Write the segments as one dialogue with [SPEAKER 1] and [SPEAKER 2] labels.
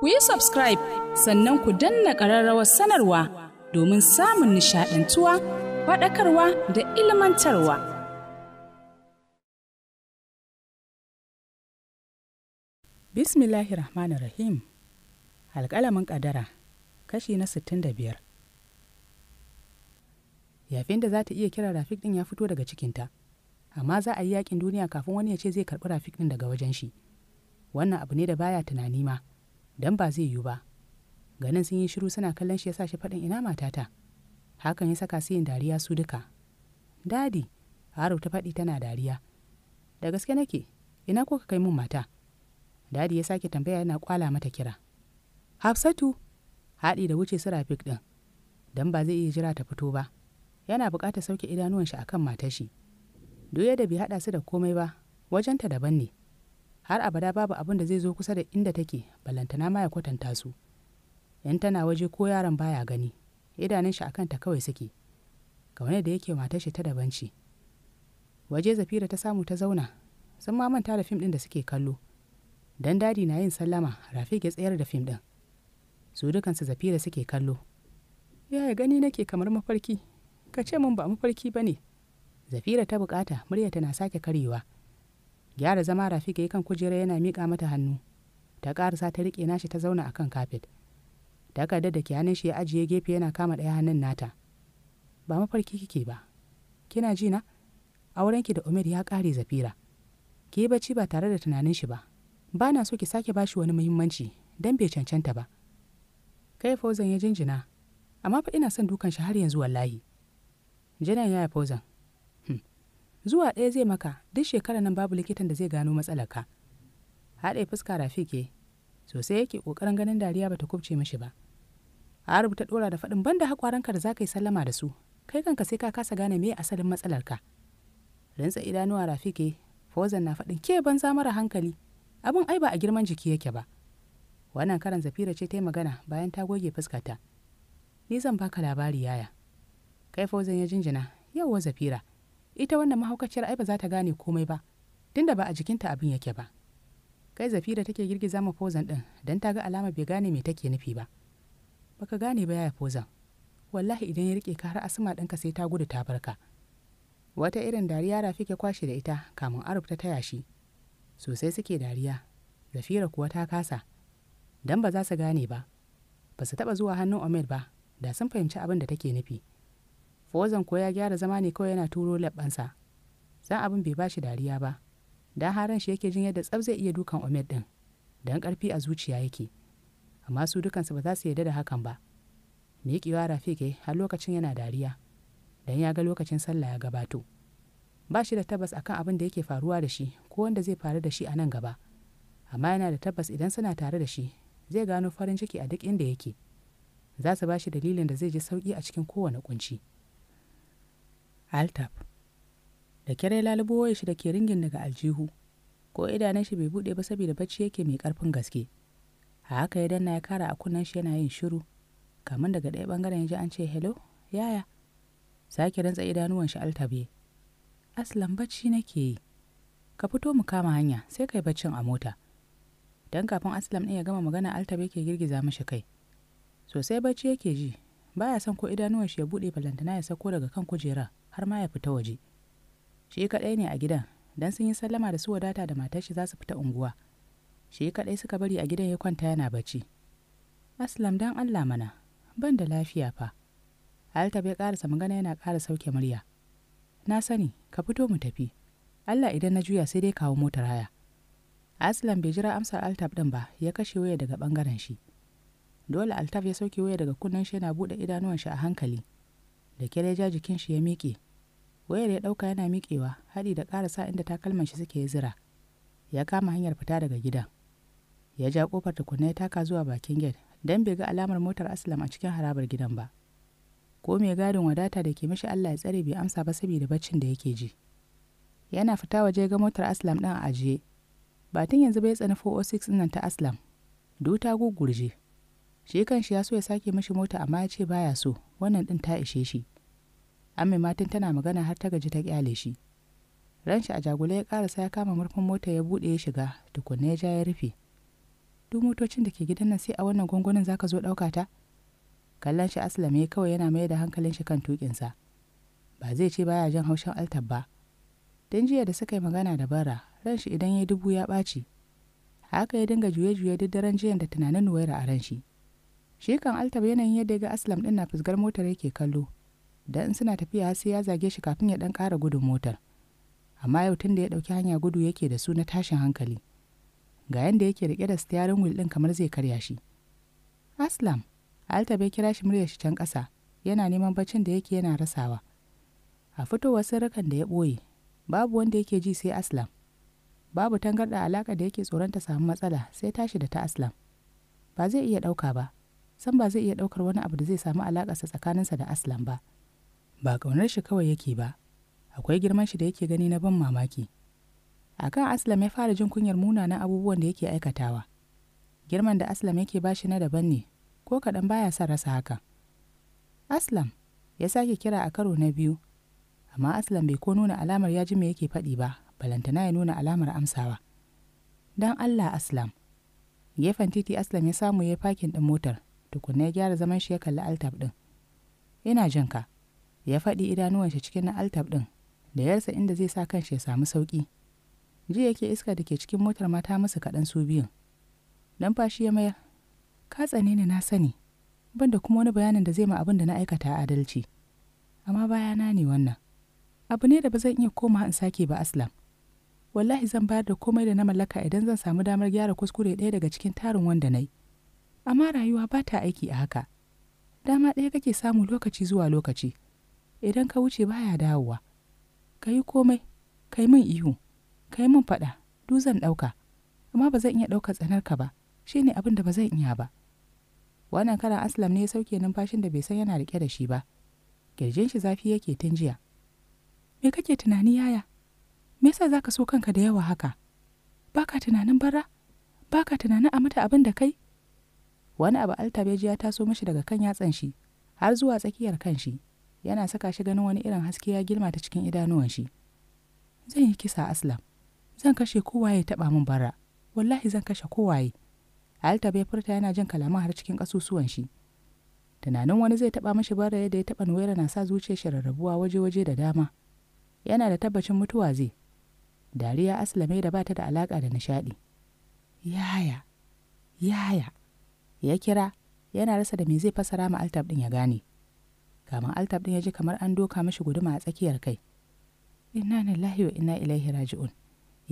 [SPEAKER 1] ku yi subscribe sannan ku danna ƙararrawar sanarwa domin samun nishaɗantuwa faɗakarwa da ilmantarwa. Bismillahirrahmanirrahim Rahim Alƙalamin ƙadara kashi na 65 Yafin da za ta iya kira Rafik ɗin ya fito daga cikinta, amma za a yi yaƙin duniya kafin wani ya ce zai karɓi Rafik ɗin daga wajen shi. Wannan abu ne da baya tunani ma. don ba zai yiwu ba ganin sun yi shiru suna kallon shi ya sa shi faɗin ina matata hakan ya saka su yin dariya su duka dadi haro ta faɗi tana dariya da gaske nake ina ko ka kai mun mata dadi ya sake tambaya yana kwala mata kira hafsatu haɗi da wuce su rafik ɗin don ba zai iya jira ta fito ba yana buƙatar sauke idanuwan shi akan matar shi doya da bai haɗa su da komai ba wajenta daban ne har abada babu abin da zai zo kusa da inda take balantana ma ya kwatanta su yan tana waje ko yaron baya gani idanun shi akan ta kawai suke kamar da yake mata shi ta daban ce waje zafira ta samu ta zauna sun ma manta da fim din da suke kallo dan dadi na yin sallama rafi ya tsayar da fim din su su zafira suke kallo yaya gani nake kamar mafarki ka ce min ba mafarki ba ne zafira ta bukata murya tana sake karyewa gyara zama rafi ga kan kujera yana miƙa mata hannu ta ƙarasa ta riƙe nashi ta zauna akan kafet Takarda da ke hannun shi ya ajiye gefe yana kama ɗaya hannun nata ba mafarki kike ba kina ji na aurenki da umar ya ƙare zafira ki yi bacci ba tare da tunanin shi ba ba na so ki sake bashi wani muhimmanci Dan bai cancanta ba kai fauzan ya jinjina amma fa ina son dukan shi har yanzu wallahi jinan ya fauzan zuwa ɗaya zai maka duk shekarar nan babu likitan da zai gano matsalarka haɗe fuska rafike sosai yake ƙoƙarin ganin dariya bata kubce mashi ba a rubuta ɗora da faɗin banda haƙwaranka da za ka yi sallama da su kai kanka sai ka kasa gane me asalin matsalarka rintsa idanuwa rafike fozan na faɗin ke banza mara hankali abin ai ba a girman jiki yake ba wannan karan zafira ce ta yi magana bayan ta goge fuskata ni zan baka labari yaya kai fozan ya jinjina yauwa zafira ita wannan mahaukaciyar ai ba za ta gane komai ba tunda ba a jikinta abin yake ba kai zafira take girgiza ma fozan din dan ta ga alama bai gane me take nufi ba baka gane ba yaya fozan wallahi idan ya rike ka har asma ɗanka sai ta gudu ta barka wata irin dariya rafi ke kwashe da ita kamun arab ta taya shi sosai suke dariya zafira kuwa ta kasa dan ba za su gane ba ba su taɓa zuwa hannun omed ba da sun fahimci abin da take nufi fozon ko ya gyara zama ne kawai yana turo labbansa. San abin bai bashi dariya ba. Dan haran shi yake jin yadda tsab zai iya dukan Omed din. Dan karfi a zuciya yake. Amma su dukansu ba za su yarda da hakan ba. Miƙewa Rafike har lokacin yana dariya. Dan ya ga lokacin sallah ya gabato. Ba shi da tabbas akan abin da yake faruwa da shi ko wanda zai faru da shi a nan gaba. Amma yana da tabbas idan suna tare da shi zai gano farin ciki a duk inda yake. Za su ba shi dalilin da zai ji sauƙi a cikin kowane kunci. Altaf. Da kyare lalubo ya shi da ke ringin daga aljihu, ko idanun shi bai buɗe ba saboda bacci yake mai karfin gaske. A haka ya danna ya kara a kunnen shi yana yin shiru, Kamun daga ɗaya bangaren ya ji an ce hello, yaya. Sake rantsa idanuwan shi Altaf ya. Aslan bacci nake yi. Ka fito mu kama hanya sai kai baccin a mota. Dan kafin Aslam ɗin ya gama magana altaf yake girgiza mashi kai. Sosai bacci yake ji, baya son ko idanuwan shi ya buɗe falantana ya sako daga kan kujera har ma ya fita waje shi kaɗai ne a gidan dan sun yi sallama da su wadata da matar shi za su fita unguwa shi kaɗai suka bari a gidan ya kwanta yana bacci aslam dan allah mana ban da lafiya fa alta bai ƙarasa magana yana ƙara sauke murya na sani ka fito mu tafi allah idan na juya sai dai kawo motar haya aslam bai jira amsar Altaf ɗin ba ya kashe waya daga ɓangaren shi dole altaf ya sauke waya daga kunnen shi yana buɗe idanuwan shi a hankali da kyar ya ja jikin shi ya miƙe wayar ya ɗauka yana miƙewa haɗi da ƙarasa inda takalman shi suke zira ya kama hanyar fita daga gidan ya ja ƙofar tukunna ya taka zuwa bakin gate don bai ga alamar motar aslam a cikin harabar gidan ba ko mai gadin wadata da ke mashi allah ya tsare bai amsa ba saboda baccin da yake ji yana fita waje ga motar aslam ɗin a ajiye Ba batun yanzu bai tsani 406 nan ta aslam duta gugurje shi shi ya so ya sake mashi mota amma ya ce baya so wannan ɗin ta ishe shi amma matin tana magana har ta gaji ta kyale shi ranshi a jagule ya karasa ya kama murfin mota ya buɗe ya shiga tukunna ya ja ya rufe duk motocin da ke gidan nan sai a wannan gwangwanin zaka zo ɗauka ta kallon shi aslam ya kawai yana mai da hankalin shi kan tukinsa ba zai ce baya jan haushin altar ba don jiya da suka yi magana da bara ranshi idan ya dubu ya ɓaci haka ya dinga juye-juye duk daren jiyan da tunanin nuwaira a ran shi shi kan altaba yanayin yadda ga aslam din na fusgar motar yake kallo da in suna tafiya sai ya zage shi kafin ya dan ƙara gudun motar amma yau tun da ya ɗauki hanya gudu yake da su na tashin hankali ga yadda yake riƙe da stiyarin wil ɗin kamar zai karya shi aslam altab ya kira shi murya shi can ƙasa yana neman baccin da yake yana rasawa a fitowar sirrukan da ya ɓoye babu wanda yake ji sai aslam babu tangarɗa alaƙa da yake tsoron ta samu matsala sai tashi da ta aslam ba zai iya ɗauka ba san ba zai iya ɗaukar wani abu da zai samu alaƙarsa tsakaninsa da Aslam ba ba ƙaunar shi kawai yake ba akwai girman shi da yake gani na ban mamaki akan aslam ya fara jin kunyar munanan abubuwan da yake aikatawa girman da aslam yake ba shi na daban ne ko kaɗan baya son rasa haka aslam ya sake kira a karo na biyu amma aslam bai ko nuna alamar ya ji me yake faɗi ba balantana ya nuna alamar amsawa don allah aslam gefen titi aslam ya samu ya fakin ɗin motar tukunna ya gyara zaman shi ya kalli altab ɗin ina jin ka ya faɗi idanuwan shi cikin na altab ɗin da yarsa inda zai sa kanshi ya samu sauƙi ji yake iska da ke cikin motar mata musu kaɗan su biyun fashi ya mayar ka tsane ni na sani ban da kuma wani bayanin da zai ma abin da na aikata adalci amma baya na ne wannan abu ne da ba zan iya koma in sake ba aslam wallahi zan bayar da komai da na mallaka idan zan samu damar gyara kuskure ɗaya daga cikin tarin wanda na yi amma rayuwa ba ta aiki a haka dama ɗaya kake samu lokaci zuwa lokaci idan ka wuce baya dawowa ka yi komai ka yi min ihu ka yi min faɗa du zan ɗauka amma ba zan iya ɗaukar tsanarka ba shi ne abin da ba zan iya ba wannan karan aslam ne ya sauke numfashin da bai san yana riƙe da shi ba kirjin shi zafi yake tun jiya me kake tunani yaya me yasa zaka so kanka da yawa haka baka tunanin bara baka tunanin a mata abin da kai wani abu altabeji ya taso mashi daga kan yatsan shi har zuwa tsakiyar kan shi yana saka shi ganin wani irin haske ya girma ta cikin idanuwan shi zan yi kisa aslam zan kashe kowaye ya taba min bara wallahi zan kashe kowaye altabe ya furta yana jin kalaman har cikin kasusuwan shi tunanin wani zai taba mishi bara yadda ya taba nuwaira na sa zuciyar shi rarrabuwa waje-waje da dama yana da tabbacin mutuwa zai dariya aslame da bata da alaka da nishadi yaya yaya ya kira yana rasa da me zai fasa rama altab ɗin ya gane Kamar altab ɗin ya ji kamar an doka mashi guduma a tsakiyar kai inna lillahi wa inna ilaihi raji'un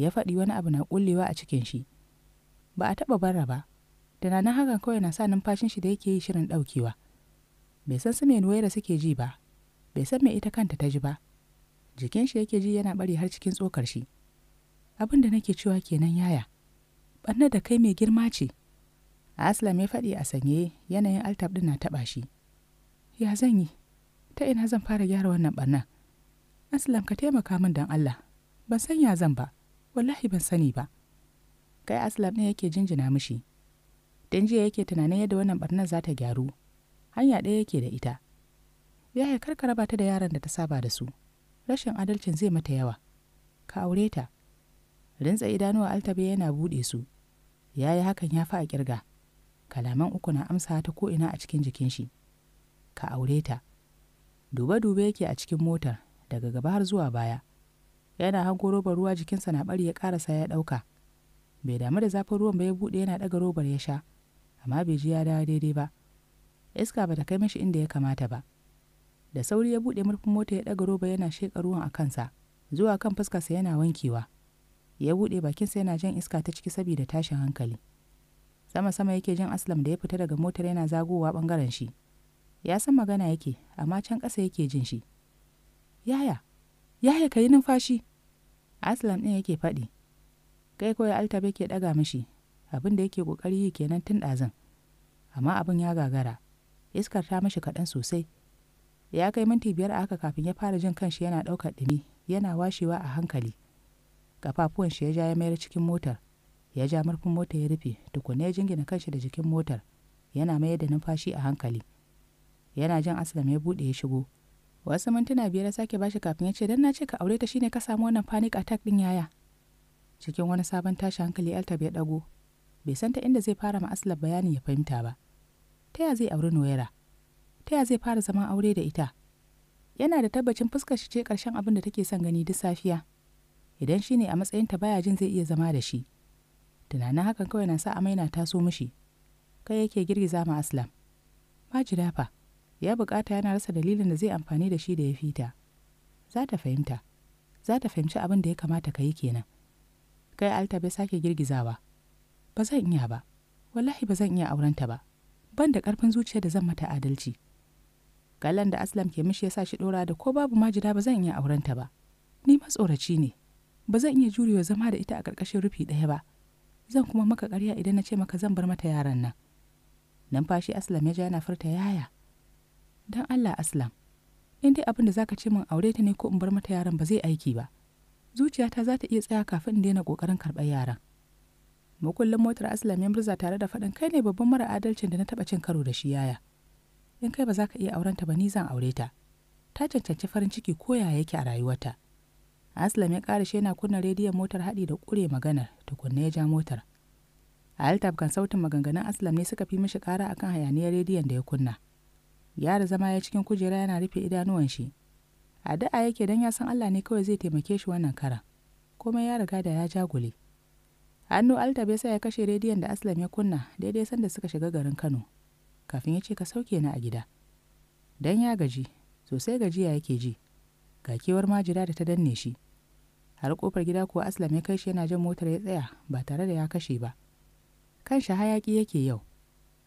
[SPEAKER 1] ya faɗi wani abu na ƙullewa a cikin shi ba a taɓa barra ba tunanin hakan kawai na sa numfashin shi da yake yi shirin ɗaukewa bai san su me da suke ji ba bai san me ita kanta ta ji ba jikin shi yake ji yana bari har cikin tsokar shi abin da nake cewa kenan yaya ɓanna da kai mai girma ce Aslam ya faɗi a sanye yanayin altab ɗin na taɓa shi. Ya zan yi, ta ina zan fara gyara wannan ɓarnar? Aslam ka taimaka min don Allah, ban san ya zan ba, wallahi ban sani ba. Kai Aslam ɗin yake jinjina mishi. Dan jiya yake tunanin yadda wannan ɓarnar za ta gyaru, hanya ɗaya yake da ita. Ya kar karkara raba ta da yaran da ta saba da su, rashin adalcin zai mata yawa. Ka aure ta. Rintsa idanuwa Altabe yana buɗe su. Ya yi hakan ya fi a ƙirga. kalaman uku na amsa ta ko'ina a cikin jikin shi ka aure ta dube-dube yake a cikin motar daga gaba har zuwa baya yana hango robar ruwa jikinsa na bari ya karasa ya ɗauka bai damu da zafin ruwan ba ya buɗe yana ɗaga robar ya sha amma bai ji ya dawo daidai ba iska bata kai mashi inda ya kamata ba da sauri ya buɗe murfin mota ya ɗaga roba yana sheƙa ruwan a kansa zuwa kan fuskarsa yana wankewa ya buɗe bakinsa yana jan iska ta ciki saboda tashin hankali sama sama yake jin aslam da ya fita daga motar yana zagowa bangaren shi ya san magana yake amma can ƙasa yake jin shi yaya yaya ka yi numfashi aslam ɗin yake faɗi kai kawai altabe ke ɗaga mishi abin da yake ƙoƙari yi kenan tun ɗazin amma abin ya gagara iskar ta mishi kaɗan sosai ya kai minti biyar a haka kafin ya fara jin kanshi yana ɗaukar ɗumi yana washewa a hankali kafafuwan shi ya ja ya mayar cikin motar ya ja murfin mota ya rufe tukunna ya jingina kanshi da jikin motar yana mayar da numfashi a hankali yana jan aslam ya bude ya shigo wasu mintuna biyar ya sake bashi kafin ya ce dan na ce ka aure ta shine ka samu wannan panic attack din yaya cikin wani sabon tashi hankali alta ya dago bai san ta inda zai fara ma aslam bayanin ya fahimta ba ta ya zai auri noyara ta ya zai fara zaman aure da ita yana da tabbacin fuskar shi ce karshen abin da take son gani duk safiya idan shine a matsayinta baya jin zai iya zama da shi tunanin hakan kawai na sa amai na taso mishi kai yake girgiza ma aslam majida fa ya bukata yana rasa dalilin da zai amfani da shi da ya fita za ta fahimta za ta fahimci abin da ya kamata ka yi kenan kai ya sake girgizawa ba zan iya ba wallahi ba zan iya aurenta ba ban da karfin zuciya da zan mata adalci galan da aslam ke mishi ya sa shi dora da ko babu majida ba zan iya aurenta ba ni matsoraci ne ba zan iya jurewa zama da ita a ƙarƙashin rufi ɗaya ba zan kuma maka karya idan na ce maka zan bar mata yaran nan numfashi aslam ya ja yana furta yaya don allah aslam in dai abin da zaka ce min aure ta ne ko in bar mata yaran ba zai aiki ba zuciyata za ta iya tsaya kafin in daina ƙoƙarin karɓar yaran makullin motar aslam ya murza tare da faɗin kai ne babban mara adalcin da na taɓa cin karo da shi yaya in kai ba za ka iya auren ta ba ni zan aure ta ta cancanci farin ciki ko yaya yake a rayuwarta Aslam ya ƙarashe yana kunna rediyon motar haɗi da ƙure maganar tukunna ya ja motar. A Altab kan sautin maganganun Aslam ne suka fi mishi ƙara akan hayaniyar rediyon da ya kunna. Yara zama ya cikin kujera yana rufe idanuwan shi. a Addu'a yake don ya san Allah ne kawai zai taimake shi wannan karan. Komai ya riga da ya jagule. Hannu Altab ya sa ya kashe rediyon da Aslam ya kunna daidai sanda suka shiga garin Kano. Kafin ya ce ka sauke ni a gida. don ya gaji, sosai gajiya yake ji. Ga kewar majira da ta danne shi. har kofar gida kuwa aslam ya kai shi yana jan motar ya tsaya ba tare da ya kashe ba kan shi hayaki yake yau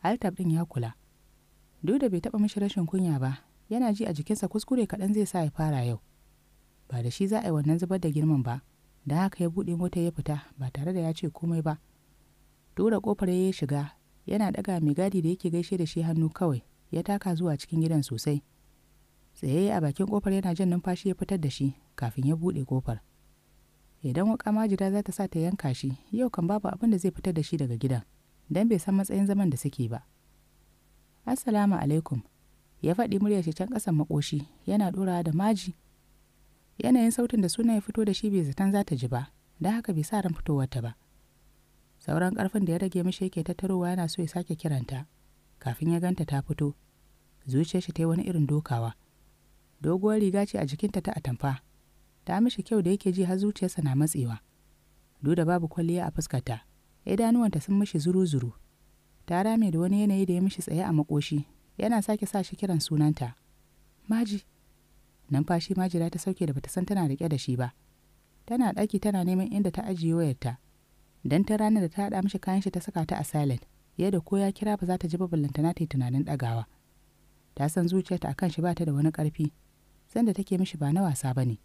[SPEAKER 1] altab din ya kula duk da bai taba mishi rashin kunya ba yana ji a jikinsa kuskure kaɗan zai sa ya fara yau ba da shi za a yi wannan zubar da girman ba da haka ya buɗe motar ya fita ba tare da ya ce komai ba tura kofar ya shiga yana ɗaga mai gadi da yake gaishe da shi hannu kawai ya taka zuwa cikin gidan sosai tsaye a bakin kofar yana jan numfashi ya fitar da shi kafin ya buɗe kofar idan waka majira za ta sa ta yanka shi yau kan babu abin da zai fitar da shi daga gidan don bai san matsayin zaman da suke ba assalamu alaikum ya faɗi murya shi can ƙasan makoshi yana ɗorawa da maji yanayin sautin da suna ya fito da shi bai zaton za ta ji ba don haka bai sa ran fitowar ta ba sauran ƙarfin da ya rage mishi yake tattarowa yana so ya sake kiranta kafin ya ganta ta fito zuciyar shi ta yi wani irin dokawa doguwar riga ce a jikinta ta atamfa ta mishi kyau da yake ji har zuciyarsa na matsewa duk da babu kwalliya a fuskarta idanuwanta sun mishi zuru-zuru ta rame da wani yanayi da ya mishi tsaye a makoshi yana sake sa shi kiran sunanta maji numfashi majira ta sauke da bata san tana rike da shi ba tana ɗaki tana neman inda ta ajiye wayarta dan ta ranar da ta haɗa mishi kayan shi ta saka ta a silent yadda ko ya kira ba za ta ji ba ballantana ta yi tunanin ɗagawa ta san zuciyarta akan shi ba ta da wani ƙarfi sanda take mishi ba na wasa ba ne.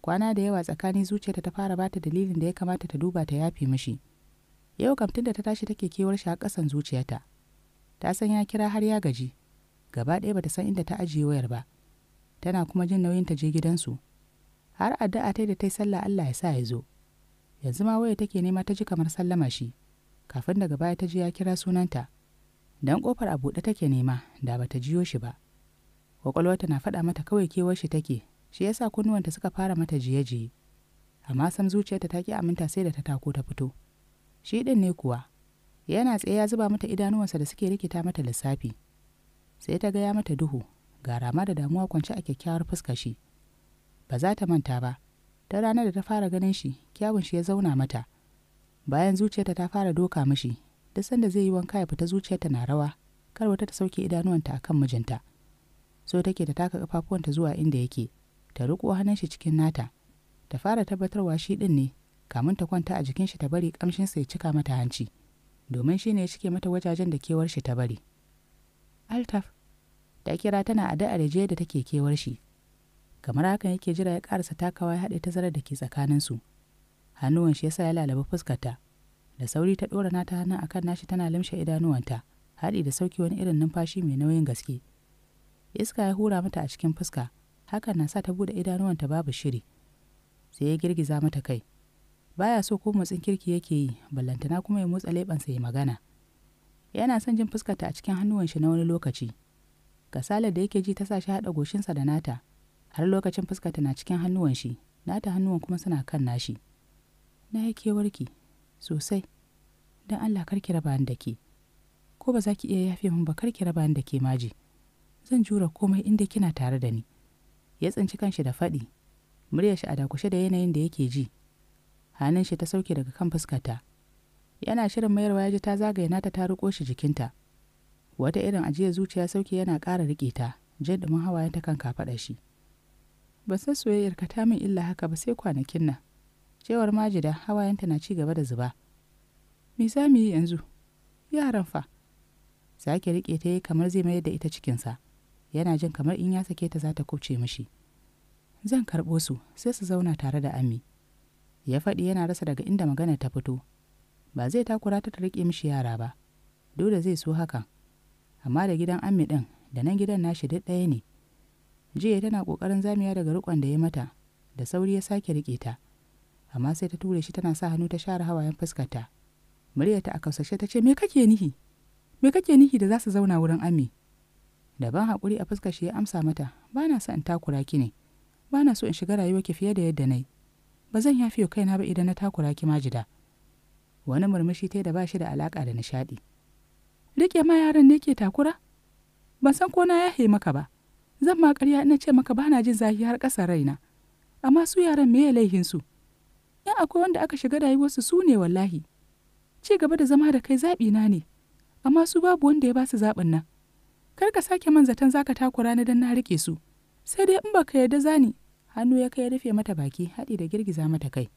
[SPEAKER 1] kwana da yawa tsakanin zuciyarta ta fara bata dalilin da ya kamata ta duba ta yafi mishi yau kam tunda ta tashi take kewar shi a ƙasan zuciyarta ta san ya kira har ya gaji gaba ɗaya bata san inda ta ajiye wayar ba tana kuma jin nauyin ta je gidansu har addu'a ta da ta yi sallah Allah ya sa ya zo yanzu ma waya take nema ta ji kamar sallama shi kafin daga baya ta ji ya kira sunanta dan kofar a buɗe take nema da bata jiyo shi ba kwakwalwarta na faɗa mata kawai kewar shi take shi yasa kunnuwanta suka fara mata jiye-jiye amma sam zuciyarta ta ki aminta sai da ta tako ta fito shi ɗin ne kuwa yana tsaye ya zuba mata idanuwansa da suke rikita mata lissafi sai ta ga ya mata duhu ga rama da damuwa kwance a kyakkyawar fuska shi ba za ta manta ba ta ranar da ta fara ganin shi kyawun shi ya zauna mata bayan zuciyarta ta fara doka mishi duk sanda zai yi wanka ya fita zuciyarta na rawa kar wata ta sauke idanuwanta akan mijinta so take ta taka kafafuwanta zuwa inda yake ta riko hannun shi cikin nata ta fara tabbatarwa shi ɗin ne kamun ta kwanta a jikin shi ta bari kamshin sa ya cika mata hanci domin shi ne ya cike mata wajajen da kewar shi ta bari altaf ta kira tana a da da take kewar shi kamar hakan yake jira ya karasa takawa ya haɗe tazarar da ke tsakanin su hannuwan shi yasa ya lalaba fuskarta da sauri ta ɗora nata hannun akan nashi tana limshe idanuwanta haɗi da sauki wani irin numfashi mai nauyin gaske iska ya hura mata a cikin fuska hakan na sa ta bude idanuwanta babu shiri sai ya girgiza mata kai baya so ko motsin kirki yake yi ballantana kuma ya motsa leɓansa ya magana yana son jin fuskarta a cikin hannuwan shi na wani lokaci kasalar da yake ji ta sa shi haɗa goshinsa da nata har lokacin fuskarta na cikin hannuwan shi nata hannuwan kuma suna kan nashi na yake kewarki sosai don allah karki raba ni da ke ko ba za ki iya yafe min ba karki raba ni da ke maji zan jura komai inda kina tare da ni ya tsinci kanshi da faɗi muryar shi a dakushe da yanayin da yake ji hannun shi ta sauke daga kan fuskarta yana shirin mayarwa ya ji ta zagaye nata ta riko shi jikinta wata irin ajiyar zuciya sauke yana ƙara riƙe ta ɗumin hawayen ta kan kafaɗa shi ban san soyayyar ka ta min illa haka ba sai kwanakin nan cewar majida hawayenta na ci gaba da zuba me za mu yi yanzu yaran fa sake riƙe ta yi kamar zai mayar da ita cikinsa yana jin kamar in ya sake ta za ta kubce mishi zan karɓo su sai su zauna tare da ami ya faɗi yana rasa daga inda magana ta fito ba zai takura ta ta riƙe mishi yara ba dole zai so hakan amma da gidan ami ɗin da nan gidan nashi duk ɗaya ne jiya tana ƙoƙarin zamiya daga riƙon da ya mata da sauri ya sake riƙe ta amma sai ta ture shi tana sa hannu ta share hawayen fuskarta muryarta a kausashe ta ce me kake nihi me kake nihi da za su zauna wurin ami da ban haƙuri a fuskar shi ya amsa mata ba na so in takura ki ne ba na so in shiga rayuwa ki fiye da yadda na yi ba zan yafi kaina ba idan na takura ki majida wani murmushi ta da ba shi da alaƙa da nishaɗi riƙe ma yaran ne ke takura ban san ko na yahe maka ba zan ma ƙarya ina ce maka ba na jin zafi har ƙasa raina amma su yaran me ya laihin su in akwai wanda aka shiga rayuwarsu su ne wallahi ci gaba da zama da kai zaɓi na ne amma su babu wanda ya ba su zaɓin nan kar ka sake man zaton zaka takura ni dan na rike su sai dai in baka yarda zani hannu ya kai ya rufe mata baki haɗi da girgiza mata kai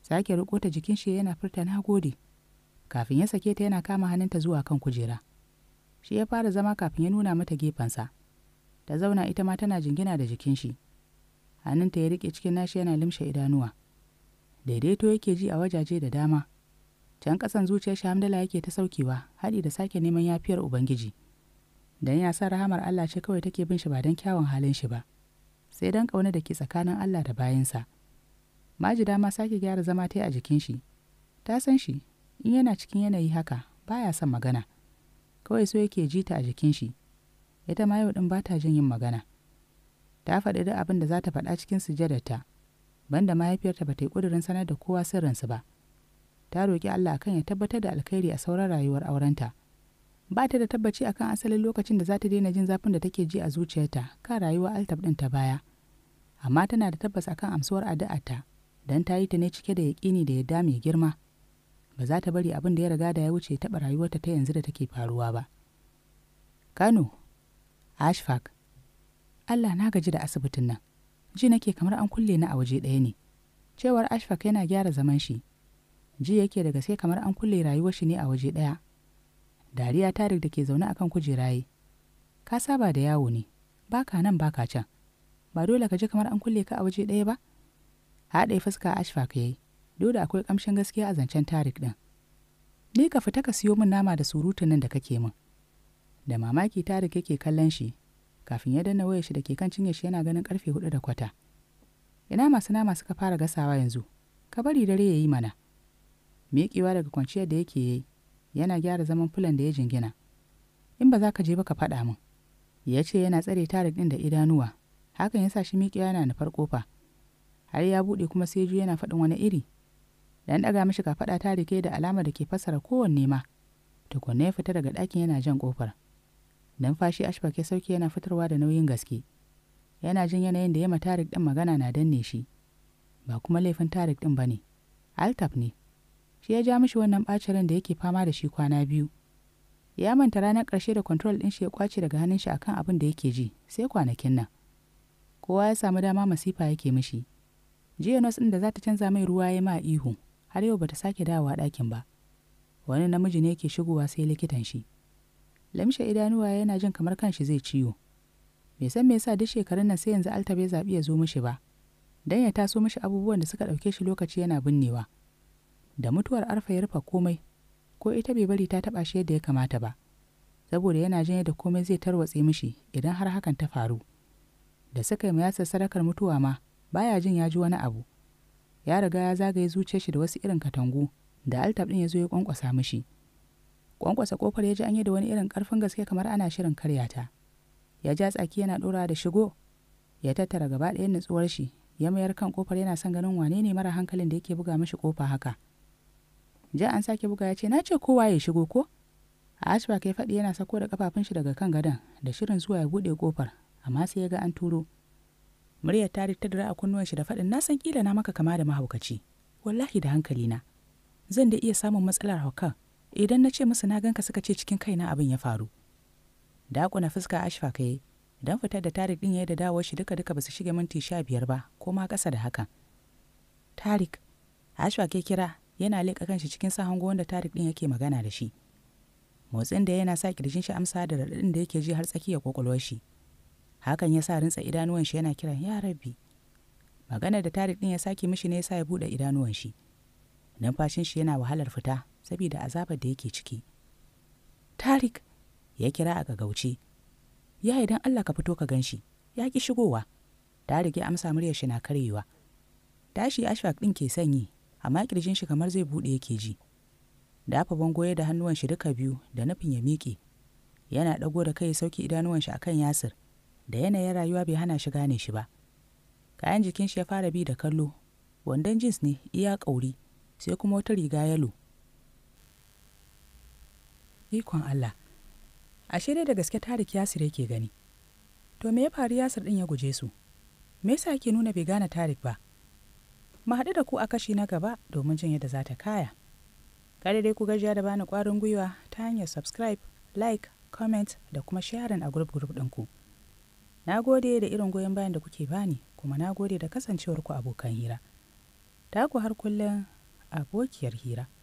[SPEAKER 1] sake riko ta jikin shi yana furta na gode kafin ya sake ta yana kama hannunta zuwa kan kujera shi ya fara zama kafin ya nuna mata gefensa ta zauna ita ma tana jingina da jikin shi hannunta ya rike cikin nashi yana limshe idanuwa daidaito yake ji a wajaje da dama can ƙasan zuciyar shi hamdala yake ta saukewa haɗi da sake neman yafiyar ubangiji don ya sa rahamar Allah ce kawai take bin shi ba don kyawun halin shi ba sai don ƙauna da ke tsakanin Allah da bayansa majida ma sake gyara zama ta a jikin shi ta san shi in yana cikin yanayi haka baya son magana kawai so yake ji ta a jikin shi ita ma yau din ba ta jin yin magana ta faɗi duk abin da za ta faɗa cikin sujadarta banda mahaifiyarta ba ta yi ƙudurin sanar da kowa sirrinsu ba ta roƙi Allah kan ya tabbatar da alkhairi a sauran rayuwar aurenta. ba ta da tabbaci akan asalin lokacin da za ta daina jin zafin da take ji a zuciyarta kan rayuwa altab ɗin ta baya amma tana da tabbas akan amsuwar addu'arta don ta yi ta ne cike da yaƙini da yadda mai girma ba za ta bari abin da ya riga da ya wuce taɓa rayuwarta ta yanzu da take faruwa ba kano Ashfak. allah na gaji da asibitin nan ji nake kamar an kulle na a waje ɗaya ne cewar Ashfak yana gyara zaman shi ji yake da gaske kamar an kulle rayuwar shi ne a waje ɗaya dariya tarik da ke zaune a kan kujeraye ka saba da yawo ne baka nan baka can ba dole ka ji kamar an kulle ka a waje ɗaya ba haɗe fuska ashfa ka yi dole akwai ƙamshin gaskiya a zancen tarik ɗin ni ka fita ka siyo min nama da surutun nan da kake min da mamaki tarik yake kallon shi kafin ya danna wayar shi da ke kan cinye shi yana ganin karfe hudu da kwata ina masu nama suka fara gasawa yanzu ka bari dare ya yi mana miƙewa daga kwanciyar da yake yi yana gyara zaman fulan da ya jingina in ba za ka je ba ka faɗa min ya ce yana tsare tarik ɗin da idanuwa hakan ya sa shi miƙewa yana nufar ƙofa har ya buɗe kuma sai ju yana faɗin wani iri dan ɗaga mishi ka faɗa tarike da alama da ke fassara kowanne ma tukunna ya fita daga ɗakin yana jan ƙofar numfashi ashfaq ya sauke yana fitarwa da nauyin gaske yana jin yanayin da ya tarik ɗin magana na danne shi ba kuma laifin tarik ɗin ba ne altaf ne shi ya ja mishi wannan ɓacin ran da yake fama da shi kwana biyu ya manta ranar ƙarshe da kwantrol ɗin shi ya kwace daga hannun shi akan abin da yake ji sai kwanakin nan kowa ya samu dama masifa yake mishi jiya nos ɗin da za ta canza mai ruwa ya ma ihu har yau bata sake dawowa ɗakin ba wani namiji ne yake shigowa sai likitan shi lamshe idanuwa yana jin kamar kanshi zai ciwo me san me yasa duk shekarun nan sai yanzu alta bai zaɓi ya zo mishi ba dan ya taso mishi abubuwan da suka ɗauke shi lokaci yana binnewa da mutuwar arfa ya rufe komai ko ita bai bari ta taɓa shi yadda ya kamata ba saboda yana jin yadda komai zai tarwatse mishi idan har hakan ta faru da suka yi mayasar sadakar mutuwa ma baya jin ya ji wani abu ya riga ya zagaye zuciyar shi da wasu irin katangu da altab ɗin ya zo ya kwankwasa mishi kwankwasa kofar ya ji an yi da wani irin karfin gaske kamar ana shirin karya ta ya ja tsaki yana ɗora da shigo ya tattara gaba ɗayan nutsuwar shi ya mayar kan kofar yana son ganin wane ne mara hankalin da yake buga mishi kofa haka ja an sake buga ya ce na ce kowa ya shigo ko a ashba kai faɗi yana sako da kafafun shi daga kan gadon da shirin zuwa ya buɗe kofar amma sai ya ga an turo muryar ta ta dira a kunnuwan shi da faɗin na san kila na maka kama da mahaukaci wallahi da hankali na zan da iya samun matsalar haukan idan na ce musu na ganka suka ce cikin kaina abin ya faru da na fuska ashfa kai don fitar da tarik din ya da dawo shi duka duka basu shige minti sha biyar ba ko ma kasa da haka tarik ashwa ke kira yana leƙa kanshi cikin sa hango wanda tarik ɗin yake magana da shi motsin da yana sa kirjin shi amsa da raɗaɗin da yake ji har tsakiyar kwakwalwar shi hakan ya sa rintsa idanuwan shi yana kiran ya rabbi Maganar da tarik ɗin ya sake mishi ne ya ya buɗe idanuwan shi numfashin shi yana wahalar fita saboda azabar da yake ciki tarik ya kira a gagauce ya idan allah ka fito ka gan shi ya ki shigowa tarik ya amsa muryar shi na karyewa tashi ashfaq ɗin ke sanyi amma kirjin shi kamar zai buɗe yake ji da afa bango ya da hannuwan shi duka biyu da nufin ya miƙe yana ɗago da kai sauki idanuwan shi akan yasir da yanayin rayuwa bai hana shi gane shi ba kayan jikin shi ya fara bi da kallo wandon jeans ne iya ƙauri sai kuma wata riga yalo ikon Allah ashe dai da gaske tarik yasir yake gani to me ya faru yasir din ya guje su me yasa yake nuna bai gane tarik ba mu haɗu da ku a kashi na gaba domin jin yadda za ta kaya kada dai ku gajiya da bani ƙwarin gwiwa ta hanyar subscribe like comment da kuma sharing a group group ɗinku na gode da irin goyon bayan da kuke bani kuma na gode da kasancewarku abokan hira ta ku har kullum abokiyar hira